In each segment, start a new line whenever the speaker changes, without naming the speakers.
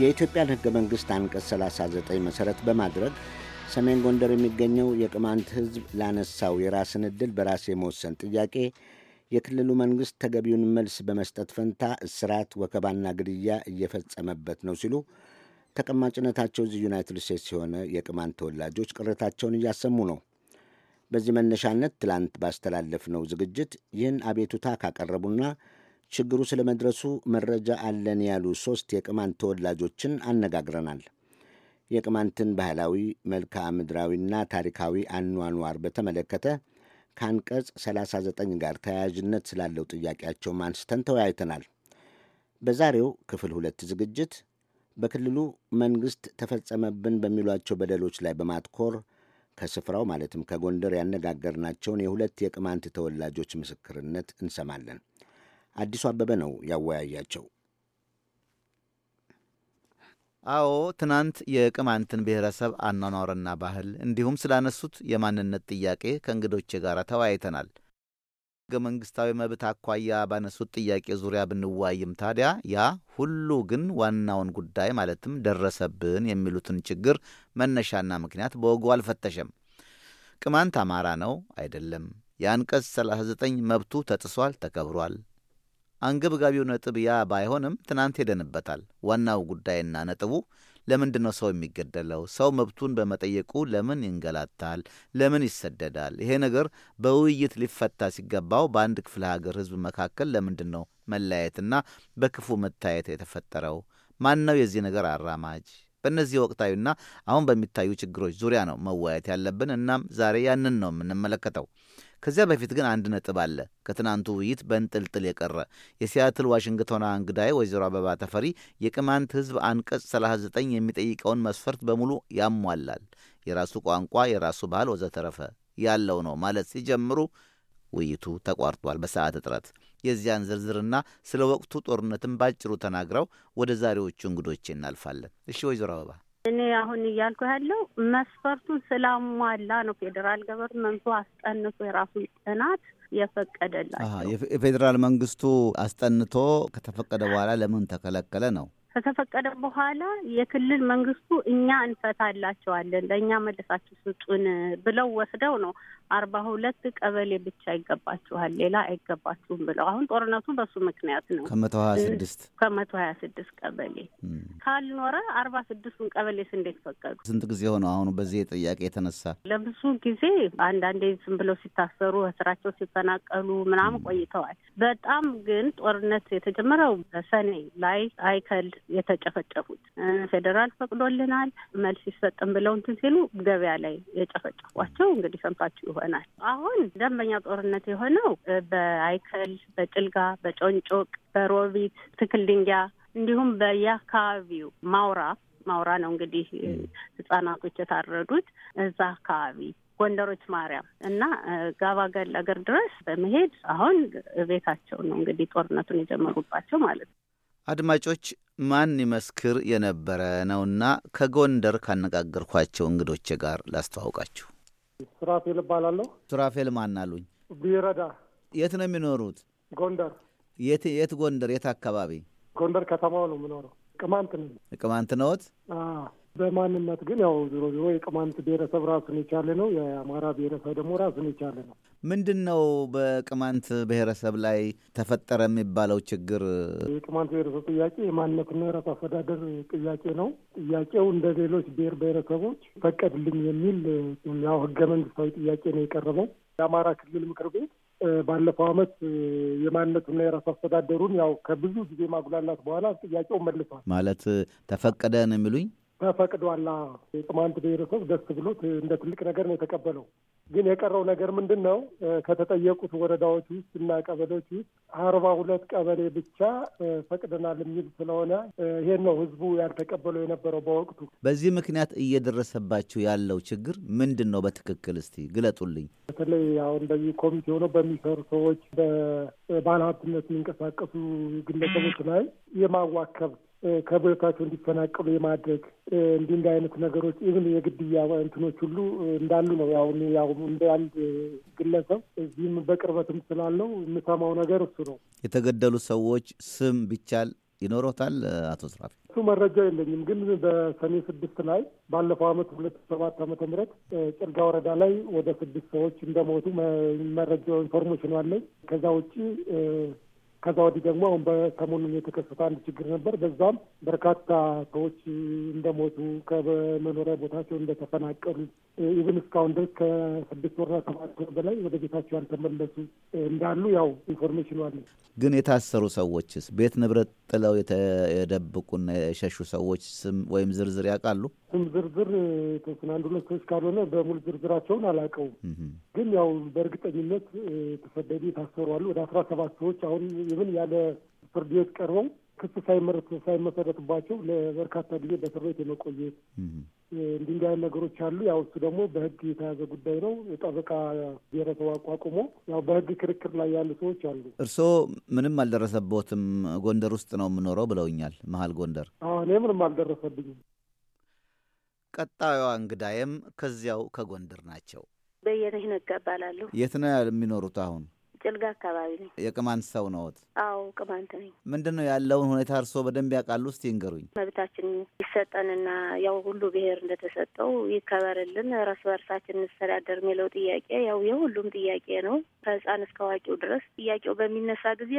የኢትዮጵያን ህገ መንግሥት አንቀጽ 39 መሠረት በማድረግ ሰሜን ጎንደር የሚገኘው የቅማንት ሕዝብ ላነሳው የራስን ዕድል በራስ የመወሰን ጥያቄ የክልሉ መንግሥት ተገቢውን መልስ በመስጠት ፈንታ እስራት፣ ወከባና ግድያ እየፈጸመበት ነው ሲሉ ተቀማጭነታቸው እዚህ ዩናይትድ ስቴትስ የሆነ የቅማንት ተወላጆች ቅሬታቸውን እያሰሙ ነው። በዚህ መነሻነት ትላንት ባስተላለፍነው ዝግጅት ይህን አቤቱታ ካቀረቡና ችግሩ ስለመድረሱ መረጃ አለን ያሉ ሶስት የቅማንት ተወላጆችን አነጋግረናል። የቅማንትን ባህላዊ መልክዓ ምድራዊና ታሪካዊ አኗኗር በተመለከተ ከአንቀጽ 39 ጋር ተያያዥነት ስላለው ጥያቄያቸውም አንስተን ተወያይተናል። በዛሬው ክፍል ሁለት ዝግጅት በክልሉ መንግሥት ተፈጸመብን በሚሏቸው በደሎች ላይ በማትኮር ከስፍራው ማለትም ከጎንደር ያነጋገርናቸውን የሁለት የቅማንት ተወላጆች ምስክርነት እንሰማለን። አዲሱ አበበ ነው ያወያያቸው።
አዎ ትናንት የቅማንትን ብሔረሰብ አኗኗርና ባህል እንዲሁም ስላነሱት የማንነት ጥያቄ ከእንግዶቼ ጋር ተወያይተናል። ሕገ መንግሥታዊ መብት አኳያ ባነሱት ጥያቄ ዙሪያ ብንዋይም ታዲያ ያ ሁሉ ግን ዋናውን ጉዳይ ማለትም ደረሰብን የሚሉትን ችግር መነሻና ምክንያት በወጉ አልፈተሸም። ቅማንት አማራ ነው አይደለም፣ የአንቀጽ 39 መብቱ ተጥሷል፣ ተከብሯል አንገብጋቢው ነጥብ ያ ባይሆንም ትናንት ሄደንበታል። ዋናው ጉዳይና ነጥቡ ለምንድን ነው ሰው የሚገደለው? ሰው መብቱን በመጠየቁ ለምን ይንገላታል? ለምን ይሰደዳል? ይሄ ነገር በውይይት ሊፈታ ሲገባው በአንድ ክፍለ ሀገር ሕዝብ መካከል ለምንድን ነው መለያየትና በክፉ መታየት የተፈጠረው? ማን ነው የዚህ ነገር አራማጅ? በእነዚህ ወቅታዊና አሁን በሚታዩ ችግሮች ዙሪያ ነው መወያየት ያለብን። እናም ዛሬ ያንን ነው የምንመለከተው። ከዚያ በፊት ግን አንድ ነጥብ አለ። ከትናንቱ ውይይት በንጥልጥል የቀረ የሲያትል ዋሽንግቶና እንግዳይ ወይዘሮ አበባ ተፈሪ የቅማንት ሕዝብ አንቀጽ 39 የሚጠይቀውን መስፈርት በሙሉ ያሟላል፣ የራሱ ቋንቋ፣ የራሱ ባህል ወዘተረፈ ያለው ነው ማለት ሲጀምሩ ውይይቱ ተቋርጧል በሰዓት እጥረት። የዚያን ዝርዝርና ስለ ወቅቱ ጦርነትን ባጭሩ ተናግረው ወደ ዛሬዎቹ እንግዶቼ እናልፋለን። እሺ ወይዘሮ አበባ
እኔ አሁን እያልኩ ያለው መስፈርቱን ስላሟላ ነው። ፌዴራል ገቨርንመንቱ አስጠንቶ የራሱን ጥናት የፈቀደላቸው
የፌዴራል መንግስቱ አስጠንቶ ከተፈቀደ በኋላ ለምን ተከለከለ ነው።
ከተፈቀደ በኋላ የክልል መንግስቱ እኛ እንፈታላቸዋለን ለእኛ መልሳችሁ ስጡን ብለው ወስደው ነው አርባ ሁለት ቀበሌ ብቻ ይገባችኋል፣ ሌላ አይገባችሁም ብለው አሁን ጦርነቱ በሱ ምክንያት ነው። ከመቶ ሀያ ስድስት ከመቶ ሀያ ስድስት ቀበሌ ካልኖረ አርባ ስድስቱን ቀበሌ ስንዴት ፈቀዱ?
ስንት ጊዜ ሆነው? አሁኑ በዚህ ጥያቄ የተነሳ
ለብዙ ጊዜ አንዳንዴ ዝም ብለው ሲታሰሩ ስራቸው ሲፈናቀሉ ምናምን ቆይተዋል። በጣም ግን ጦርነት የተጀመረው በሰኔ ላይ አይከል የተጨፈጨፉት ፌዴራል ፈቅዶልናል መልስ ይሰጥም ብለው እንትን ሲሉ ገበያ ላይ የጨፈጨፏቸው እንግዲህ ሰምታችሁ ይሆናል። አሁን ደንበኛ ጦርነት የሆነው በአይከል፣ በጭልጋ፣ በጮንጮቅ፣ በሮቢት፣ ትክል ድንጊያ እንዲሁም በየአካባቢው ማውራ ማውራ ነው እንግዲህ ህጻናቶች የታረዱት እዛ አካባቢ ጎንደሮች ማርያም እና ጋባገል አገር ድረስ በመሄድ አሁን ቤታቸው ነው እንግዲህ ጦርነቱን የጀመሩባቸው ማለት ነው።
አድማጮች ማን ይመስክር የነበረ ነውና ከጎንደር ካነጋገርኳቸው እንግዶቼ ጋር ላስተዋውቃችሁ።
ሱራፌል እባላለሁ።
ሱራፌል ማን አሉኝ? ቢረዳ። የት ነው የሚኖሩት? ጎንደር። የት የት ጎንደር? የት አካባቢ?
ጎንደር ከተማው ነው የምኖረው። ቅማንት ነው። ቅማንት ነዎት? በማንነት ግን ያው ዞሮ ዞሮ የቅማንት ብሔረሰብ ራሱን የቻለ ነው። የአማራ ብሔረሰብ ደግሞ ራሱን የቻለ ነው።
ምንድን ነው በቅማንት ብሔረሰብ ላይ ተፈጠረ የሚባለው ችግር?
የቅማንት ብሔረሰብ ጥያቄ የማንነትና የራስ አስተዳደር ጥያቄ ነው። ጥያቄው እንደ ሌሎች ብሔር ብሔረሰቦች ፈቀድልኝ የሚል ያው ህገ መንግስታዊ ጥያቄ ነው የቀረበው። የአማራ ክልል ምክር ቤት ባለፈው አመት የማንነቱና የራስ አስተዳደሩን ያው ከብዙ ጊዜ ማጉላላት በኋላ ጥያቄውን መልሷል።
ማለት ተፈቀደ ነው የሚሉኝ
ተፈቅዷላ የቅማንት ብሔረሰብ ደስ ብሎት እንደ ትልቅ ነገር ነው የተቀበለው። ግን የቀረው ነገር ምንድን ነው? ከተጠየቁት ወረዳዎች ውስጥ እና ቀበሌዎች ውስጥ አርባ ሁለት ቀበሌ ብቻ ፈቅደናል የሚል ስለሆነ ይሄን ነው ህዝቡ ያልተቀበለው የነበረው በወቅቱ።
በዚህ ምክንያት እየደረሰባችሁ ያለው ችግር ምንድን ነው? በትክክል እስቲ ግለጡልኝ።
በተለይ አሁን በዚህ ኮሚቴ ሆነው በሚሰሩ ሰዎች፣ በባለሀብትነት የሚንቀሳቀሱ ግለሰቦች ላይ የማዋከብ ከቦታቸው እንዲፈናቀሉ የማድረግ እንዲህ እንደ አይነት ነገሮች ኢቭን የግድያ እንትኖች ሁሉ እንዳሉ ነው። ያው ያው እንደ አንድ ግለሰብ እዚህም በቅርበትም ስላለው የምሰማው ነገር እሱ ነው።
የተገደሉ ሰዎች ስም ቢቻል ይኖሮታል አቶ ስራፊ?
እሱ መረጃ የለኝም፣ ግን በሰኔ ስድስት ላይ ባለፈው አመት ሁለት ሰባት አመተ ምህረት ጭልጋ ወረዳ ላይ ወደ ስድስት ሰዎች እንደሞቱ መረጃ ኢንፎርሜሽን አለኝ። ከዛ ውጭ ከዛ ወዲህ ደግሞ አሁን በሰሞኑ የተከሰተ አንድ ችግር ነበር። በዛም በርካታ ሰዎች እንደሞቱ ከመኖሪያ ቦታቸው እንደተፈናቀሉ ኢቭን እስካሁን ድረስ ከስድስት ወርና ሰባት ወር በላይ ወደ ቤታቸው ያልተመለሱ እንዳሉ ያው ኢንፎርሜሽኑ አለ።
ግን የታሰሩ ሰዎችስ ቤት ንብረት ጥለው የደብቁና የሸሹ ሰዎች ስም ወይም ዝርዝር ያውቃሉ?
ስም ዝርዝር የተወሰነ አንድ ሁለት ሰዎች ካልሆነ በሙሉ ዝርዝራቸውን አላውቀውም። ግን ያው በእርግጠኝነት ተሰደዱ የታሰሩ አሉ። ወደ አስራ ሰባት ሰዎች አሁን ህዝብን ያለ ፍርድ ቤት ቀርበው ክስ ሳይመሰረትባቸው ለበርካታ ጊዜ በእስር ቤት የመቆየት እንዲህ ነገሮች አሉ። ያው እሱ ደግሞ በህግ የተያዘ ጉዳይ ነው። የጠበቃ ብሔረሰብ አቋቁሞ ያው በህግ ክርክር ላይ ያሉ
ሰዎች አሉ። እርስዎ ምንም አልደረሰቦትም? ጎንደር ውስጥ ነው የምኖረው ብለውኛል። መሀል ጎንደር። እኔ ምንም አልደረሰብኝም። ቀጣዩዋ እንግዳዬም ከዚያው ከጎንደር ናቸው።
በየነሽ ነጋ እባላለሁ።
የት ነው የሚኖሩት አሁን?
ጭልጋ አካባቢ ነኝ።
የቅማንት ሰው ነዎት?
አዎ ቅማንት ነኝ።
ምንድን ነው ያለውን ሁኔታ እርስዎ በደንብ ያውቃሉ? እስቲ ይንገሩኝ።
መብታችን ይሰጠንና ያው ሁሉ ብሔር እንደተሰጠው ይከበርልን፣ ራስ በርሳችን እንስተዳደር የሚለው ጥያቄ ያው የሁሉም ጥያቄ ነው። ከህፃን እስከ አዋቂው ድረስ ጥያቄው በሚነሳ ጊዜ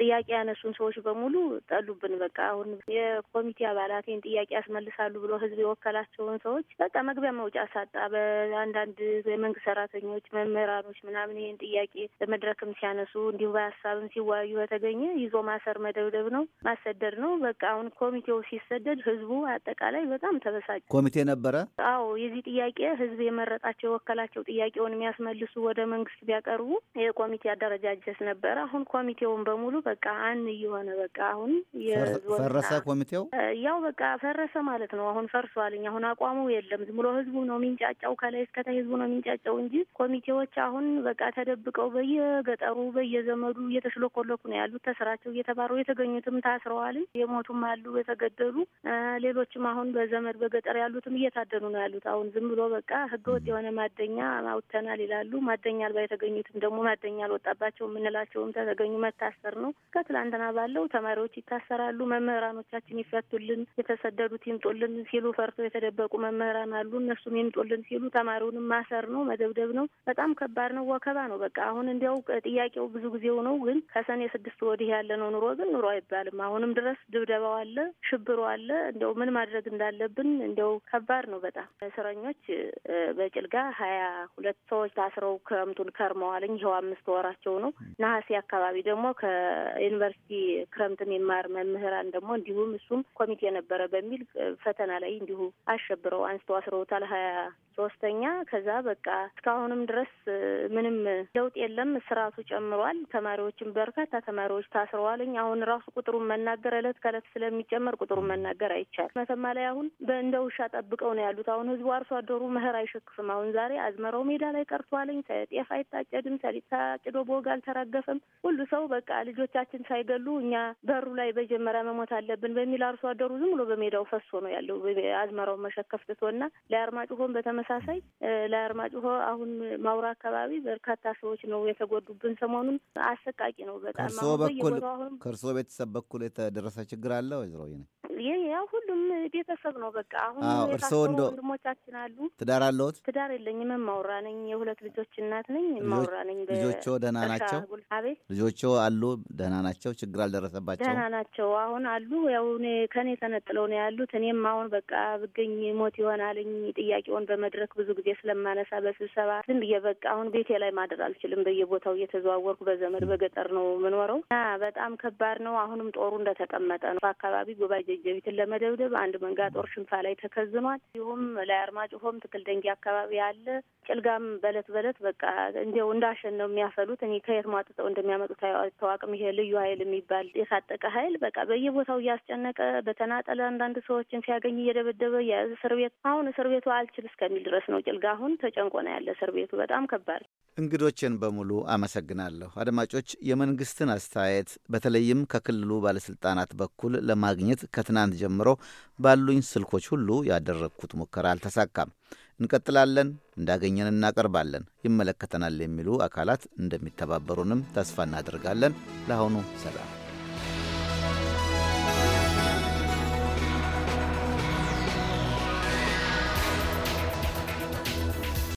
ጥያቄ ያነሱን ሰዎች በሙሉ ጠሉብን። በቃ አሁን የኮሚቴ አባላቴን ጥያቄ ያስመልሳሉ ብሎ ህዝብ የወከላቸውን ሰዎች በቃ መግቢያ መውጫ ሳጣ በአንዳንድ የመንግስት ሰራተኞች፣ መምህራኖች ምናምን ይህን ጥያቄ በመድረክም ሲያነሱ እንዲሁ በሀሳብም ሲወያዩ በተገኘ ይዞ ማሰር መደብደብ ነው ማሰደድ ነው። በቃ አሁን ኮሚቴው ሲሰደድ ህዝቡ አጠቃላይ በጣም ተበሳጭ ኮሚቴ ነበረ። አዎ የዚህ ጥያቄ ህዝብ የመረጣቸው የወከላቸው ጥያቄውን የሚያስመልሱ ወደ መንግስት ቢያቀርቡ የኮሚቴ አደረጃጀት ነበረ። አሁን ኮሚቴውን በሙሉ በቃ አን እየሆነ በቃ አሁን ፈረሰ ኮሚቴው ያው በቃ ፈረሰ ማለት ነው። አሁን ፈርሷልኝ። አሁን አቋሙ የለም። ዝም ብሎ ህዝቡ ነው የሚንጫጫው፣ ከላይ እስከታ ህዝቡ ነው የሚንጫጫው እንጂ ኮሚቴዎች አሁን በቃ ተደብቀው በየገጠሩ በየዘመዱ እየተስለኮለኩ ነው ያሉት። ተስራቸው እየተባረሩ የተገኙትም ታስረዋል። የሞቱም አሉ፣ የተገደሉ ሌሎችም አሁን በዘመድ በገጠር ያሉትም እየታደኑ ነው ያሉት። አሁን ዝም ብሎ በቃ ህገወጥ የሆነ ማደኛ አውጥተናል ይላሉ። ማደኛ አልባ የተገኙትም ደግሞ መደኛ አልወጣባቸው የምንላቸውም ተገኙ መታሰር ነው። ከትላንትና ባለው ተማሪዎች ይታሰራሉ፣ መምህራኖቻችን ይፈቱልን፣ የተሰደዱት ይምጡልን ሲሉ ፈርቶ የተደበቁ መምህራን አሉ። እነሱም ይምጡልን ሲሉ ተማሪውንም ማሰር ነው፣ መደብደብ ነው። በጣም ከባድ ነው፣ ወከባ ነው። በቃ አሁን እንዲያው ጥያቄው ብዙ ጊዜው ነው፣ ግን ከሰኔ ስድስት ወዲህ ያለ ነው። ኑሮ ግን ኑሮ አይባልም። አሁንም ድረስ ድብደባው አለ፣ ሽብሮ አለ። እንዲያው ምን ማድረግ እንዳለብን እንዲያው ከባድ ነው በጣም እስረኞች በጭልጋ ሀያ ሁለት ሰዎች ታስረው ክረምቱን ከርመዋል። ይኸው አምስት ወራቸው ነው። ነሐሴ አካባቢ ደግሞ ከዩኒቨርሲቲ ክረምት የሚማር መምህራን ደግሞ እንዲሁም እሱም ኮሚቴ ነበረ በሚል ፈተና ላይ እንዲሁ አሸብረው አንስተው አስረውታል ሀያ ሶስተኛ ከዛ በቃ እስካሁንም ድረስ ምንም ለውጥ የለም። ስርዓቱ ጨምሯል። ተማሪዎችን በርካታ ተማሪዎች ታስረዋልኝ። አሁን ራሱ ቁጥሩን መናገር እለት ከእለት ስለሚጨመር ቁጥሩን መናገር አይቻልም። መተማ ላይ አሁን እንደ ውሻ ጠብቀው ነው ያሉት። አሁን ህዝቡ አርሶ አደሩ መኸር አይሸክፍም። አሁን ዛሬ አዝመራው ሜዳ ላይ ቀርቷልኝ። ጤፍ አይታጨድም። ሰሊጥ ታጭዶ በወግ አልተረገፈም። ሁሉ ሰው በቃ ልጆቻችን ሳይገሉ እኛ በሩ ላይ በጀመሪያ መሞት አለብን በሚል አርሶ አደሩ ዝም ብሎ በሜዳው ፈሶ ነው ያለው አዝመራውን መሸከፍ ትቶና ለአርማጭሆን በተመሳሳይ ለአርማጭሆ አሁን ማውራ አካባቢ በርካታ ሰዎች ነው የተጎዱብን። ሰሞኑን አሰቃቂ ነው በጣም። ከእርስዎ በኩል
ከእርስዎ ቤተሰብ በኩል የተደረሰ ችግር አለ ወይዘሮ?
ያው ሁሉም ቤተሰብ ነው። በቃ አሁን እርስዎ እንደ ወንድሞቻችን አሉ። ትዳር አለዎት? ትዳር የለኝም። የማውራ ነኝ። የሁለት ልጆች እናት ነኝ። የማውራ ነኝ። ልጆቹ ደህና ናቸው? አቤት
ልጆቹ አሉ። ደህና ናቸው። ችግር አልደረሰባቸው? ደህና
ናቸው። አሁን አሉ። ያው ከኔ ተነጥለው ነው ያሉት። እኔም አሁን በቃ ብገኝ ሞት ይሆናልኝ። ጥያቄውን በመድረክ ብዙ ጊዜ ስለማነሳ በስብሰባ ዝም ብዬ በቃ አሁን ቤቴ ላይ ማደር አልችልም። በየቦታው እየተዘዋወርኩ በዘመድ በገጠር ነው የምኖረው እና በጣም ከባድ ነው። አሁንም ጦሩ እንደተቀመጠ ነው። በአካባቢ ጉባኤ ጀቢትን ለመደብደብ አንድ መንጋ ጦር ሽንፋ ላይ ተከዝኗል። እንዲሁም ላይ አርማጭሆም ትክል ደንጊ አካባቢ አለ። ጭልጋም በለት በለት በቃ እንዲያው እንዳሸን ነው የሚያፈሉት። እኔ ከየት ማጥጠው እንደሚያመጡት ተዋቅም ይሄ ልዩ ኃይል የሚባል የታጠቀ ኃይል በቃ በየቦታው እያስጨነቀ በተናጠለ አንዳንድ ሰዎችን ሲያገኝ እየደበደበ እስር ቤት አሁን እስር ቤቱ አልችል እስከሚል ድረስ ነው። ጭልጋ አሁን ተጨንቆ ነው ያለ እስር ቤቱ በጣም ከባድ።
እንግዶችን በሙሉ አመሰግናለሁ። አድማጮች የመንግስትን አስተያየት በተለይም ከክልሉ ባለስልጣናት በኩል ለማግኘት ከትና ከትናንት ጀምሮ ባሉኝ ስልኮች ሁሉ ያደረግኩት ሙከራ አልተሳካም። እንቀጥላለን፣ እንዳገኘን እናቀርባለን። ይመለከተናል የሚሉ አካላት እንደሚተባበሩንም ተስፋ እናደርጋለን። ለአሁኑ ሰላም።